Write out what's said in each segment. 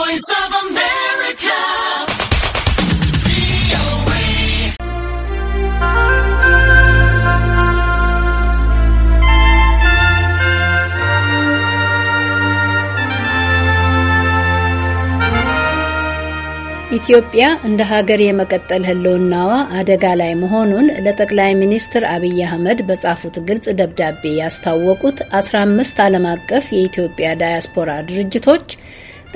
voice of America. ኢትዮጵያ እንደ ሀገር የመቀጠል ህልውናዋ አደጋ ላይ መሆኑን ለጠቅላይ ሚኒስትር አብይ አህመድ በጻፉት ግልጽ ደብዳቤ ያስታወቁት 15 ዓለም አቀፍ የኢትዮጵያ ዳያስፖራ ድርጅቶች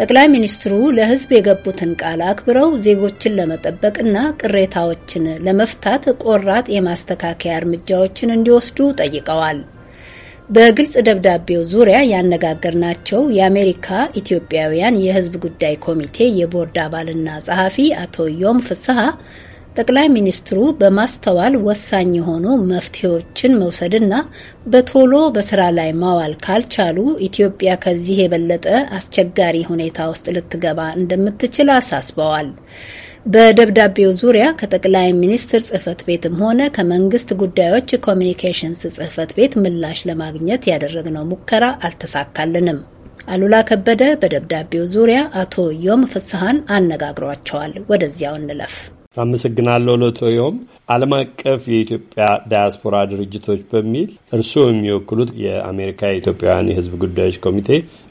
ጠቅላይ ሚኒስትሩ ለሕዝብ የገቡትን ቃል አክብረው ዜጎችን ለመጠበቅና ቅሬታዎችን ለመፍታት ቆራጥ የማስተካከያ እርምጃዎችን እንዲወስዱ ጠይቀዋል። በግልጽ ደብዳቤው ዙሪያ ያነጋገርናቸው የአሜሪካ ኢትዮጵያውያን የሕዝብ ጉዳይ ኮሚቴ የቦርድ አባልና ጸሐፊ አቶ ዮም ፍስሐ ጠቅላይ ሚኒስትሩ በማስተዋል ወሳኝ የሆኑ መፍትሄዎችን መውሰድና በቶሎ በስራ ላይ ማዋል ካልቻሉ ኢትዮጵያ ከዚህ የበለጠ አስቸጋሪ ሁኔታ ውስጥ ልትገባ እንደምትችል አሳስበዋል። በደብዳቤው ዙሪያ ከጠቅላይ ሚኒስትር ጽህፈት ቤትም ሆነ ከመንግስት ጉዳዮች ኮሚኒኬሽንስ ጽህፈት ቤት ምላሽ ለማግኘት ያደረግነው ሙከራ አልተሳካልንም። አሉላ ከበደ በደብዳቤው ዙሪያ አቶ ዮም ፍስሐን አነጋግሯቸዋል። ወደዚያው እንለፍ። አመሰግናለሁ። ለቶዮም ዓለም አቀፍ የኢትዮጵያ ዳያስፖራ ድርጅቶች በሚል እርስዎ የሚወክሉት የአሜሪካ የኢትዮጵያውያን የሕዝብ ጉዳዮች ኮሚቴ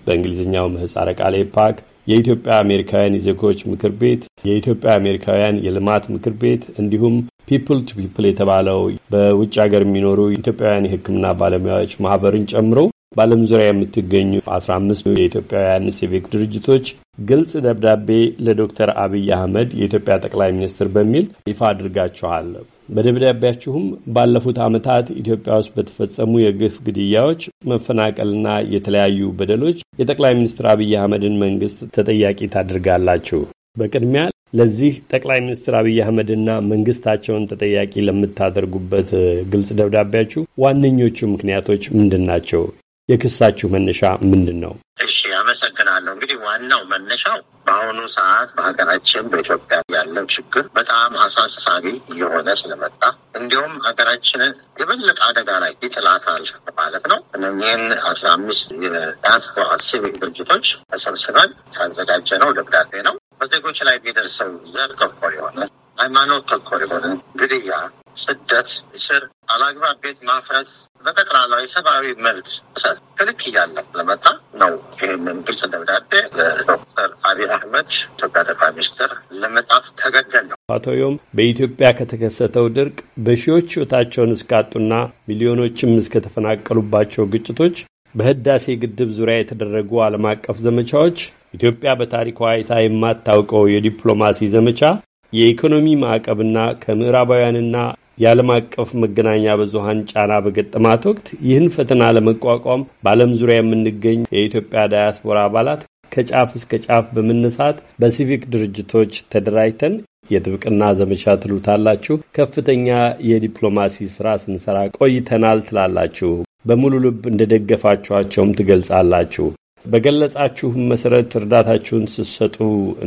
በእንግሊዝኛው ምህፃረ ቃል ፓክ የኢትዮጵያ አሜሪካውያን የዜጎች ምክር ቤት፣ የኢትዮጵያ አሜሪካውያን የልማት ምክር ቤት እንዲሁም ፒፕል ቱ ፒፕል የተባለው በውጭ ሀገር የሚኖሩ ኢትዮጵያውያን የሕክምና ባለሙያዎች ማህበርን ጨምሮ በዓለም ዙሪያ የምትገኙ 15 የኢትዮጵያውያን ሲቪክ ድርጅቶች ግልጽ ደብዳቤ ለዶክተር አብይ አህመድ የኢትዮጵያ ጠቅላይ ሚኒስትር በሚል ይፋ አድርጋችኋል። በደብዳቤያችሁም ባለፉት ዓመታት ኢትዮጵያ ውስጥ በተፈጸሙ የግፍ ግድያዎች፣ መፈናቀልና የተለያዩ በደሎች የጠቅላይ ሚኒስትር አብይ አህመድን መንግስት ተጠያቂ ታድርጋላችሁ። በቅድሚያ ለዚህ ጠቅላይ ሚኒስትር አብይ አህመድና መንግስታቸውን ተጠያቂ ለምታደርጉበት ግልጽ ደብዳቤያችሁ ዋነኞቹ ምክንያቶች ምንድን ናቸው? የክሳችሁ መነሻ ምንድን ነው? እሺ አመሰግናለሁ። እንግዲህ ዋናው መነሻው በአሁኑ ሰዓት በሀገራችን በኢትዮጵያ ያለው ችግር በጣም አሳሳቢ እየሆነ ስለመጣ እንዲሁም ሀገራችንን የበለጠ አደጋ ላይ ይጥላታል ማለት ነው። እነዚህን አስራ አምስት የዲያስፖራ ሲቪክ ድርጅቶች ተሰብስበን ነው ደብዳቤ ነው። በዜጎች ላይ የሚደርሰው ዘር ተኮር የሆነ ሃይማኖት ተኮር የሆነ ግድያ፣ ስደት፣ እስር፣ አላግባብ ቤት ማፍረስ፣ በጠቅላላ የሰብአዊ መብት ክልክ እያለ ለመጣ ነው። ይህንን ግልጽ ደብዳቤ ለዶክተር አቢይ አህመድ ኢትዮጵያ ጠቅላይ ሚኒስትር ለመጣፍ ተገደል ነው። አቶ ዮም በኢትዮጵያ ከተከሰተው ድርቅ በሺዎች ሕይወታቸውን እስካጡና ሚሊዮኖችም እስከተፈናቀሉባቸው ግጭቶች በህዳሴ ግድብ ዙሪያ የተደረጉ ዓለም አቀፍ ዘመቻዎች ኢትዮጵያ በታሪኳ አይታ የማታውቀው የዲፕሎማሲ ዘመቻ የኢኮኖሚ ማዕቀብና ከምዕራባውያንና የዓለም አቀፍ መገናኛ ብዙሀን ጫና በገጠማት ወቅት ይህን ፈተና ለመቋቋም በዓለም ዙሪያ የምንገኝ የኢትዮጵያ ዳያስፖራ አባላት ከጫፍ እስከ ጫፍ በመነሳት በሲቪክ ድርጅቶች ተደራጅተን የጥብቅና ዘመቻ ትሉታላችሁ፣ ከፍተኛ የዲፕሎማሲ ስራ ስንሰራ ቆይተናል ትላላችሁ። በሙሉ ልብ እንደደገፋችኋቸውም ትገልጻላችሁ። በገለጻችሁ መሰረት እርዳታችሁን ስትሰጡ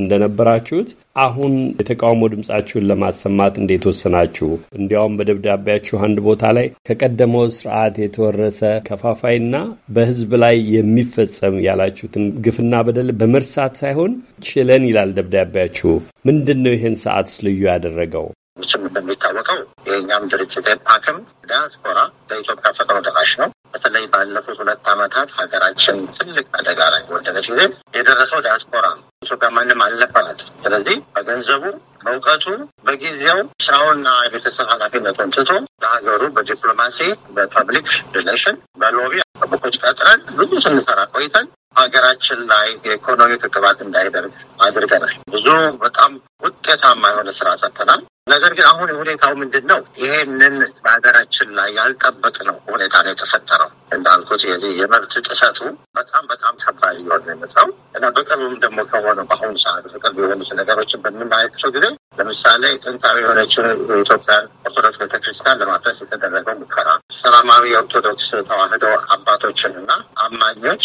እንደነበራችሁት አሁን የተቃውሞ ድምፃችሁን ለማሰማት እንዴት ወሰናችሁ? እንዲያውም በደብዳቤያችሁ አንድ ቦታ ላይ ከቀደመው ስርዓት የተወረሰ ከፋፋይና በህዝብ ላይ የሚፈጸም ያላችሁትን ግፍና በደል በመርሳት ሳይሆን ችለን ይላል ደብዳቤያችሁ። ምንድን ነው ይህን ሰዓት ልዩ ያደረገው? መቼም እንደሚታወቀው የእኛም ድርጅት ፓክም ዲያስፖራ በኢትዮጵያ ፈጥኖ ደራሽ ነው። በተለይ ባለፉት ሁለት ዓመታት ሀገራችን ትልቅ አደጋ ላይ ወደቀች ጊዜ የደረሰው ዲያስፖራ ነው። ኢትዮጵያ ማንም አልነበራት። ስለዚህ በገንዘቡ በእውቀቱ በጊዜው ስራውና የቤተሰብ ኃላፊነቱን ትቶ ለሀገሩ በዲፕሎማሲ በፐብሊክ ሪሌሽን በሎቢ ቦኮች ቀጥረን ብዙ ስንሰራ ቆይተን ሀገራችን ላይ የኢኮኖሚ ክትባት እንዳይደርግ አድርገናል። ብዙ በጣም ውጤታማ የሆነ ስራ ሰጥተናል። ነገር ግን አሁን ሁኔታው ምንድን ነው? ይሄንን በሀገራችን ላይ ያልጠበቅነው ሁኔታ ነው የተፈጠረው። እንዳልኩት የመብት ጥሰቱ በጣም በጣም ከባድ እየሆነ የመጣው እና በቅርብም ደግሞ ከሆነ በአሁኑ ሰዓት በቅርብ የሆኑት ነገሮችን በምናያቸው ጊዜ ለምሳሌ ጥንታዊ የሆነችን ኢትዮጵያ ኦርቶዶክስ ቤተክርስቲያን ለማፍረስ የተደረገው ሙከራ፣ ሰላማዊ የኦርቶዶክስ ተዋህዶ አባቶችን እና አማኞች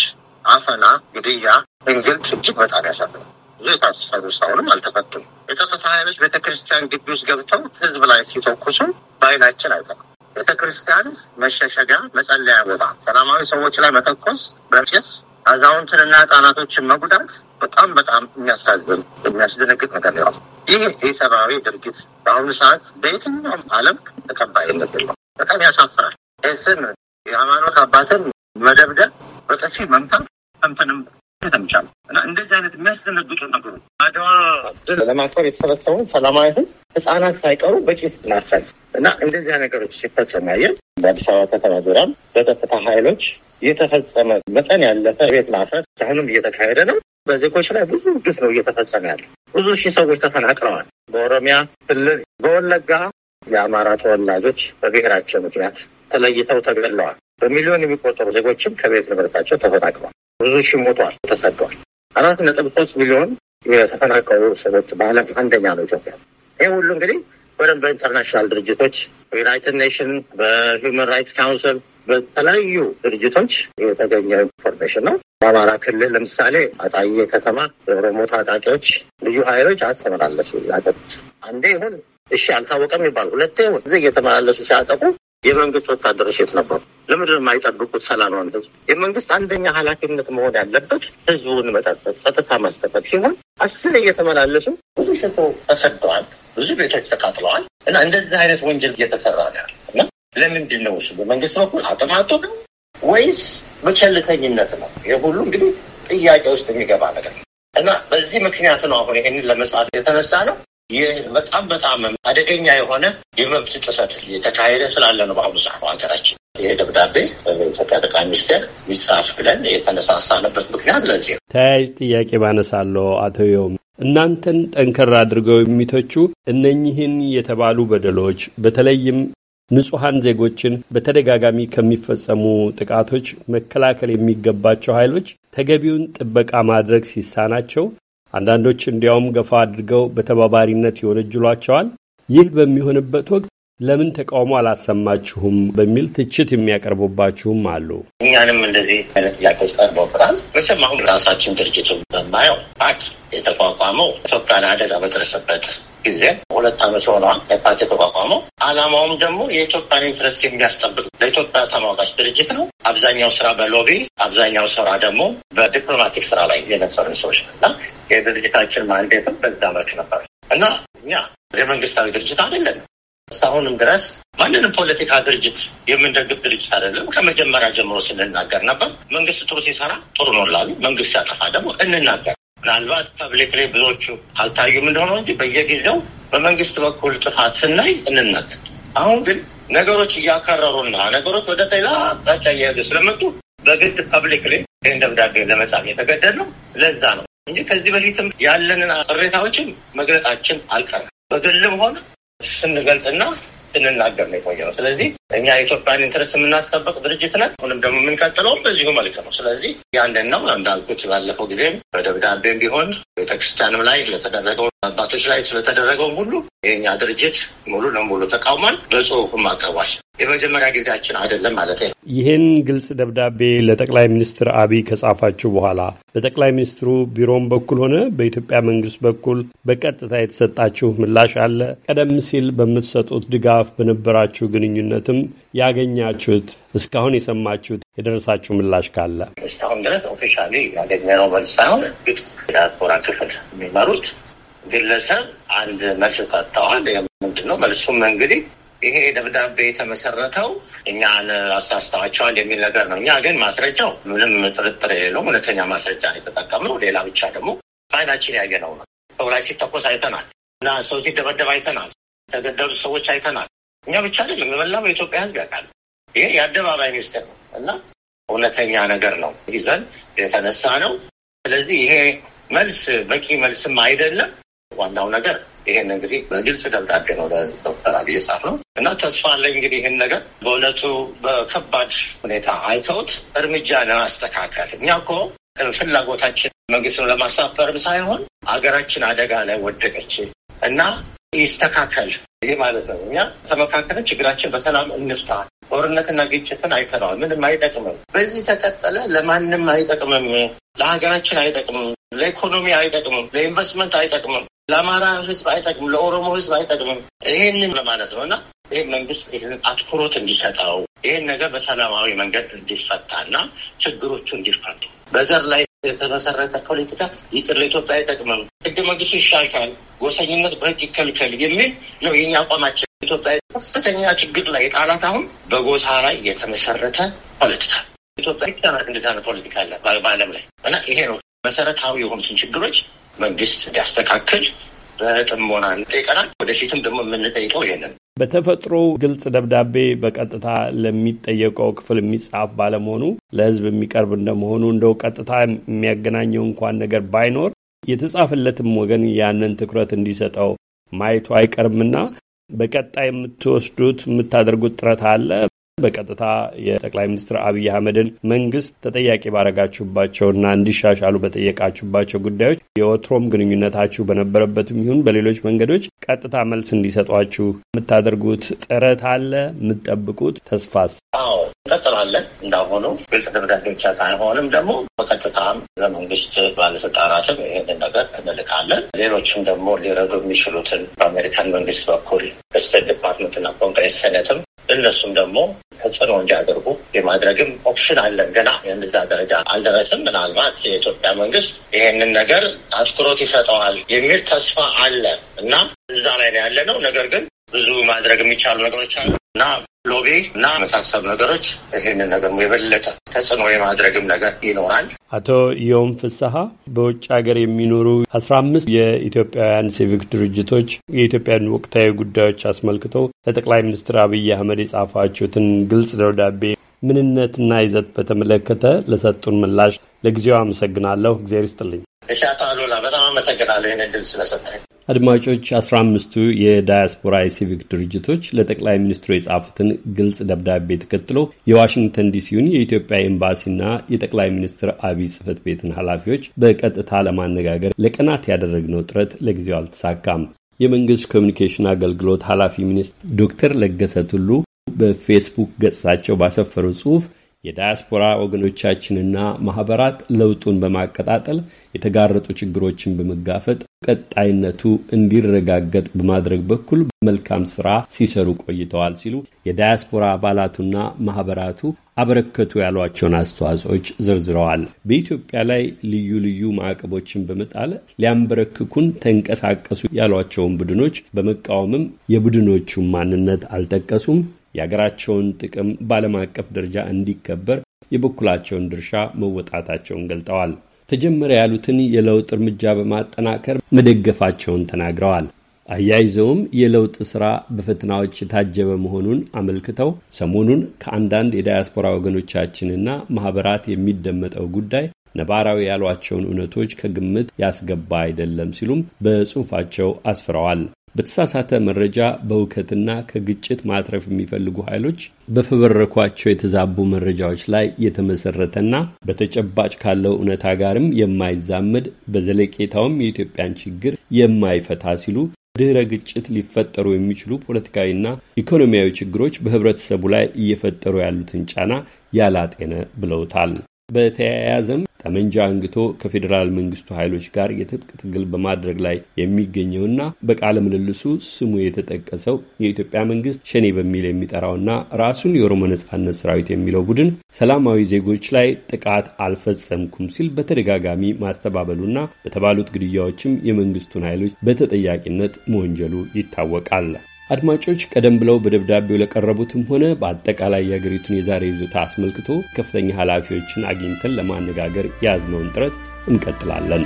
አፈና፣ ግድያ፣ እንግልት እጅግ በጣም ያሳዝናል። ብዙ የታሰሩት አሁንም አልተፈቱም። የጸጥታ ኃይሎች ቤተክርስቲያን ግቢ ውስጥ ገብተው ህዝብ ላይ ሲተኩሱ በአይናችን አይተም። ቤተክርስቲያን መሸሸጊያ መጸለያ ቦታ፣ ሰላማዊ ሰዎች ላይ መተኮስ፣ በጭስ አዛውንትንና ህጻናቶችን መጉዳት በጣም በጣም የሚያሳዝን የሚያስደነግጥ ነገር ነው። ይህ የሰብአዊ ድርጊት በአሁኑ ሰዓት በየትኛውም ዓለም ተቀባይነት የለውም። በጣም ያሳፍራል። ስም የሃይማኖት አባትን መደብደብ፣ በጥፊ መምታት ሰምተንም ማስመልከት አልቻለም እና እንደዚህ አይነት የሚያስደነግጡ ነገሮች አድዋ ድል ለማክበር የተሰበሰቡ ሰላማዊ ህዝብ ህጻናት ሳይቀሩ በጭስ ማርሳል እና እንደዚያ ነገሮች ሲፈጸሙ ያየን በአዲስ አበባ ከተማ ዙሪያም በጸጥታ ኃይሎች የተፈጸመ መጠን ያለፈ ቤት ማፍረስ አሁንም እየተካሄደ ነው። በዜጎች ላይ ብዙ ግፍ ነው እየተፈጸመ ያለ። ብዙ ሺህ ሰዎች ተፈናቅለዋል። በኦሮሚያ ክልል በወለጋ የአማራ ተወላጆች በብሔራቸው ምክንያት ተለይተው ተገለዋል። በሚሊዮን የሚቆጠሩ ዜጎችም ከቤት ንብረታቸው ተፈናቅለዋል። ብዙ ሺህ ሞቷል፣ ተሰዷል። አራት ነጥብ ሶስት ሚሊዮን የተፈናቀሉ ሰዎች በዓለም አንደኛ ነው ኢትዮጵያ። ይህ ሁሉ እንግዲህ በደንብ በኢንተርናሽናል ድርጅቶች በዩናይትድ ኔሽን፣ በሂውማን ራይትስ ካውንስል፣ በተለያዩ ድርጅቶች የተገኘ ኢንፎርሜሽን ነው። በአማራ ክልል ለምሳሌ አጣዬ ከተማ የኦሮሞ ታጣቂዎች ልዩ ኃይሎች አተመላለሱ ያጠቁት አንዴ ይሁን እሺ አልታወቀም ይባል ሁለቴ ይሁን እዚህ እየተመላለሱ ሲያጠቁ የመንግስት ወታደሮች የት ነበሩ? ለምድር የማይጠብቁት ሰላማዊ ህዝብ የመንግስት አንደኛ ኃላፊነት መሆን ያለበት ህዝቡን መጠበቅ፣ ጸጥታ ማስጠበቅ ሲሆን አስር እየተመላለሱ ብዙ ሽቶ ተሰደዋል፣ ብዙ ቤቶች ተቃጥለዋል እና እንደዚህ አይነት ወንጀል እየተሰራ ነው እና ለምንድን ነው እሱ በመንግስት በኩል አጥማቶ ወይስ በቸልተኝነት ነው? የሁሉ እንግዲህ ጥያቄ ውስጥ የሚገባ ነገር እና በዚህ ምክንያት ነው አሁን ይህንን ለመጽሐፍ የተነሳ ነው ይህ በጣም በጣም አደገኛ የሆነ የመብት ጥሰት የተካሄደ ስላለ ነው በአሁኑ ሰዓት ሀገራችን። ይሄ ደብዳቤ በኢትዮጵያ ጠቅላይ ሚኒስቴር ይጻፍ ብለን የተነሳሳንበት ምክንያት ለዚህ ነው። ተያያዥ ጥያቄ ባነሳለሁ አቶ ዮም እናንተን ጠንከር አድርገው የሚተቹ እነኚህን የተባሉ በደሎች በተለይም ንጹሐን ዜጎችን በተደጋጋሚ ከሚፈጸሙ ጥቃቶች መከላከል የሚገባቸው ኃይሎች ተገቢውን ጥበቃ ማድረግ ሲሳናቸው አንዳንዶች እንዲያውም ገፋ አድርገው በተባባሪነት ይወነጅሏቸዋል። ይህ በሚሆንበት ወቅት ለምን ተቃውሞ አላሰማችሁም በሚል ትችት የሚያቀርቡባችሁም አሉ። እኛንም እንደዚህ አይነት ጥያቄዎች ቀርበውብናል። መቼም አሁን ራሳችን ድርጅቱ በማየው ፓክ የተቋቋመው ኢትዮጵያን አደጋ በደረሰበት ጊዜ ሁለት ዓመት ሆኗል ፓርቲ ተቋቋመው። አላማውም ደግሞ የኢትዮጵያን ኢንትረስት የሚያስጠብቅ ለኢትዮጵያ ተሟጋች ድርጅት ነው። አብዛኛው ስራ በሎቢ አብዛኛው ስራ ደግሞ በዲፕሎማቲክ ስራ ላይ የነበሩ ሰዎች እና የድርጅታችን ማንዴትም በዛ መልክ ነበር እና እኛ የመንግስታዊ ድርጅት አይደለም። እስካሁንም ድረስ ማንንም ፖለቲካ ድርጅት የምንደግፍ ድርጅት አይደለም። ከመጀመሪያ ጀምሮ ስንናገር ነበር። መንግስት ጥሩ ሲሰራ ጥሩ ነው ላሉ፣ መንግስት ሲያጠፋ ደግሞ እንናገር ምናልባት ፐብሊክ ላይ ብዙዎቹ አልታዩም እንደሆነ እንጂ በየጊዜው በመንግስት በኩል ጥፋት ስናይ እንነት አሁን ግን ነገሮች እያከረሩና ነገሮች ወደ ሌላ አቅጣጫ እየሄዱ ስለመጡ በግድ ፐብሊክ ላይ ይህን ደብዳቤ ለመጻፍ የተገደድ ነው። ለዛ ነው እንጂ ከዚህ በፊትም ያለንን ቅሬታዎችን መግለጣችን አልቀረም። በግልም ሆነ ስንገልጽና ስንናገር ነው የቆየ ነው። ስለዚህ እኛ የኢትዮጵያን ኢንትረስት የምናስጠብቅ ድርጅት ነን። አሁንም ደግሞ የምንቀጥለውም በዚሁ መልክ ነው። ስለዚህ ያንን ነው እንዳልኩት ባለፈው ጊዜም በደብዳቤም ቢሆን ቤተክርስቲያንም ላይ ለተደረገው አባቶች ላይ ስለተደረገው ሁሉ የኛ ድርጅት ሙሉ ለሙሉ ተቃውሟል። በጽሁፍም አቅርቧል። የመጀመሪያ ጊዜያችን አይደለም ማለት ነው። ይህን ግልጽ ደብዳቤ ለጠቅላይ ሚኒስትር አብይ ከጻፋችሁ በኋላ በጠቅላይ ሚኒስትሩ ቢሮም በኩል ሆነ በኢትዮጵያ መንግስት በኩል በቀጥታ የተሰጣችሁ ምላሽ አለ? ቀደም ሲል በምትሰጡት ድጋፍ በነበራችሁ ግንኙነትም ያገኛችሁት እስካሁን የሰማችሁት የደረሳችሁ ምላሽ ካለ እስካሁን ድረስ ኦፊሻሊ ያገኘነው መልስ ሳይሆን ግጥ ክፍል የሚመሩት ግለሰብ አንድ መልስ ሰጥተዋል። ምንድን ነው መልሱም እንግዲህ ይሄ ደብዳቤ የተመሰረተው እኛን አሳስተዋቸዋል የሚል ነገር ነው። እኛ ግን ማስረጃው ምንም ጥርጥር የለውም እውነተኛ ማስረጃ ነው የተጠቀምነው። ሌላ ብቻ ደግሞ በዓይናችን ያየነው ነው። ሰው ላይ ሲተኮስ አይተናል እና ሰው ሲደበደብ አይተናል። የተገደሉ ሰዎች አይተናል። እኛ ብቻ ለ በመላው በኢትዮጵያ ሕዝብ ያውቃል። ይሄ የአደባባይ ሚኒስትር ነው እና እውነተኛ ነገር ነው ይዘን የተነሳ ነው። ስለዚህ ይሄ መልስ በቂ መልስም አይደለም። ዋናው ነገር ይሄን እንግዲህ በግልጽ ደብዳቤ ነው ለዶክተር አብይ የጻፈው እና ተስፋ አለኝ እንግዲህ ይህን ነገር በእውነቱ በከባድ ሁኔታ አይተውት እርምጃ ለማስተካከል እኛ እኮ ፍላጎታችን መንግስትን ለማሳፈርም ሳይሆን አገራችን አደጋ ላይ ወደቀች እና ይስተካከል። ይህ ማለት ነው እኛ ተመካከለ ችግራችን በሰላም እንፍታ። ጦርነትና ግጭትን አይተነዋል። ምንም አይጠቅምም። በዚህ ተቀጠለ ለማንም አይጠቅምም። ለሀገራችን አይጠቅምም። ለኢኮኖሚ አይጠቅምም። ለኢንቨስትመንት አይጠቅምም። ለአማራ ህዝብ አይጠቅምም፣ ለኦሮሞ ህዝብ አይጠቅምም። ይሄንን ለማለት ነው እና ይህ መንግስት ይህንን አትኩሮት እንዲሰጠው ይህን ነገር በሰላማዊ መንገድ እንዲፈታ እና ችግሮቹ እንዲፈቱ በዘር ላይ የተመሰረተ ፖለቲካ ይቅር፣ ለኢትዮጵያ አይጠቅምም፣ ህገ መንግስቱ ይሻሻል፣ ጎሰኝነት በህግ ይከልከል የሚል ነው የኛ አቋማችን። ኢትዮጵያ ከፍተኛ ችግር ላይ የጣላት አሁን በጎሳ ላይ የተመሰረተ ፖለቲካ ኢትዮጵያ ብቻ ናት እንደዛ ፖለቲካ አለ በዓለም ላይ እና ይሄ ነው መሰረታዊ የሆኑትን ችግሮች መንግስት ሊያስተካክል በጥሞና እንጠይቀናል። ወደፊትም ደግሞ የምንጠይቀው ይሄንን በተፈጥሮ ግልጽ ደብዳቤ በቀጥታ ለሚጠየቀው ክፍል የሚጻፍ ባለመሆኑ ለህዝብ የሚቀርብ እንደመሆኑ እንደው ቀጥታ የሚያገናኘው እንኳን ነገር ባይኖር የተጻፈለትም ወገን ያንን ትኩረት እንዲሰጠው ማየቱ አይቀርምና በቀጣይ የምትወስዱት የምታደርጉት ጥረት አለ? በቀጥታ የጠቅላይ ሚኒስትር አብይ አህመድን መንግስት ተጠያቂ ባረጋችሁባቸውና እንዲሻሻሉ በጠየቃችሁባቸው ጉዳዮች የወትሮም ግንኙነታችሁ በነበረበትም ይሁን በሌሎች መንገዶች ቀጥታ መልስ እንዲሰጧችሁ የምታደርጉት ጥረት አለ? የምትጠብቁት ተስፋስ? አዎ እንቀጥላለን። እንዳሁኑ ግልጽ ድርገት ብቻ ሳይሆንም ደግሞ በቀጥታም ለመንግስት ባለስልጣናትም ይህንን ነገር እንልካለን። ሌሎችም ደግሞ ሊረዱ የሚችሉትን በአሜሪካን መንግስት በኩል በስቴት ዲፓርትመንትና ኮንግሬስ ሴኔትም እነሱም ደግሞ ተጽዕኖ እንዲያደርጉ የማድረግም ኦፕሽን አለን። ገና የእንዛ ደረጃ አልደረስም። ምናልባት የኢትዮጵያ መንግስት ይሄንን ነገር አትኩሮት ይሰጠዋል የሚል ተስፋ አለ እና እዛ ላይ ነው ያለ ነው። ነገር ግን ብዙ ማድረግ የሚቻሉ ነገሮች አሉ እና ሎቢ እና መሳሰሉ ነገሮች ይህንን ነገር የበለጠ ተጽዕኖ የማድረግም ነገር ይኖራል። አቶ ዮም ፍስሀ በውጭ ሀገር የሚኖሩ አስራ አምስት የኢትዮጵያውያን ሲቪክ ድርጅቶች የኢትዮጵያን ወቅታዊ ጉዳዮች አስመልክቶ ለጠቅላይ ሚኒስትር አብይ አህመድ የጻፏችሁትን ግልጽ ደብዳቤ ምንነትና ይዘት በተመለከተ ለሰጡን ምላሽ ለጊዜው አመሰግናለሁ። እግዜር ይስጥልኝ። እሻት አሉላ በጣም አመሰግናለሁ ይህን እድል ስለሰጠኝ። አድማጮች አስራ አምስቱ የዳያስፖራ የሲቪክ ድርጅቶች ለጠቅላይ ሚኒስትሩ የጻፉትን ግልጽ ደብዳቤ ተከትሎ የዋሽንግተን ዲሲውን የኢትዮጵያ ኤምባሲና የጠቅላይ ሚኒስትር አብይ ጽህፈት ቤትን ኃላፊዎች በቀጥታ ለማነጋገር ለቀናት ያደረግነው ጥረት ለጊዜው አልተሳካም። የመንግስት ኮሚኒኬሽን አገልግሎት ኃላፊ ሚኒስትር ዶክተር ለገሰ ቱሉ በፌስቡክ ገጽታቸው ባሰፈሩ ጽሁፍ የዳያስፖራ ወገኖቻችንና ማኅበራት ለውጡን በማቀጣጠል የተጋረጡ ችግሮችን በመጋፈጥ ቀጣይነቱ እንዲረጋገጥ በማድረግ በኩል መልካም ስራ ሲሰሩ ቆይተዋል ሲሉ የዳያስፖራ አባላቱና ማኅበራቱ አበረከቱ ያሏቸውን አስተዋጽኦች ዘርዝረዋል። በኢትዮጵያ ላይ ልዩ ልዩ ማዕቀቦችን በመጣል ሊያንበረክኩን ተንቀሳቀሱ ያሏቸውን ቡድኖች በመቃወምም የቡድኖቹን ማንነት አልጠቀሱም። የአገራቸውን ጥቅም በዓለም አቀፍ ደረጃ እንዲከበር የበኩላቸውን ድርሻ መወጣታቸውን ገልጠዋል። ተጀመረ ያሉትን የለውጥ እርምጃ በማጠናከር መደገፋቸውን ተናግረዋል። አያይዘውም የለውጥ ሥራ በፈተናዎች የታጀበ መሆኑን አመልክተው ሰሞኑን ከአንዳንድ የዳያስፖራ ወገኖቻችንና ማኅበራት የሚደመጠው ጉዳይ ነባራዊ ያሏቸውን እውነቶች ከግምት ያስገባ አይደለም ሲሉም በጽሑፋቸው አስፍረዋል። በተሳሳተ መረጃ በእውከትና ከግጭት ማትረፍ የሚፈልጉ ኃይሎች በፈበረኳቸው የተዛቡ መረጃዎች ላይ የተመሰረተና በተጨባጭ ካለው እውነታ ጋርም የማይዛመድ በዘለቄታውም የኢትዮጵያን ችግር የማይፈታ ሲሉ ድህረ ግጭት ሊፈጠሩ የሚችሉ ፖለቲካዊና ኢኮኖሚያዊ ችግሮች በህብረተሰቡ ላይ እየፈጠሩ ያሉትን ጫና ያላጤነ ብለውታል። በተያያዘም ጠመንጃ አንግቶ ከፌዴራል መንግስቱ ኃይሎች ጋር የትጥቅ ትግል በማድረግ ላይ የሚገኘውና በቃለ ምልልሱ ስሙ የተጠቀሰው የኢትዮጵያ መንግስት ሸኔ በሚል የሚጠራውና ራሱን የኦሮሞ ነጻነት ሰራዊት የሚለው ቡድን ሰላማዊ ዜጎች ላይ ጥቃት አልፈጸምኩም ሲል በተደጋጋሚ ማስተባበሉና በተባሉት ግድያዎችም የመንግስቱን ኃይሎች በተጠያቂነት መወንጀሉ ይታወቃል። አድማጮች ቀደም ብለው በደብዳቤው ለቀረቡትም ሆነ በአጠቃላይ የአገሪቱን የዛሬ ይዞታ አስመልክቶ ከፍተኛ ኃላፊዎችን አግኝተን ለማነጋገር ያዝነውን ጥረት እንቀጥላለን።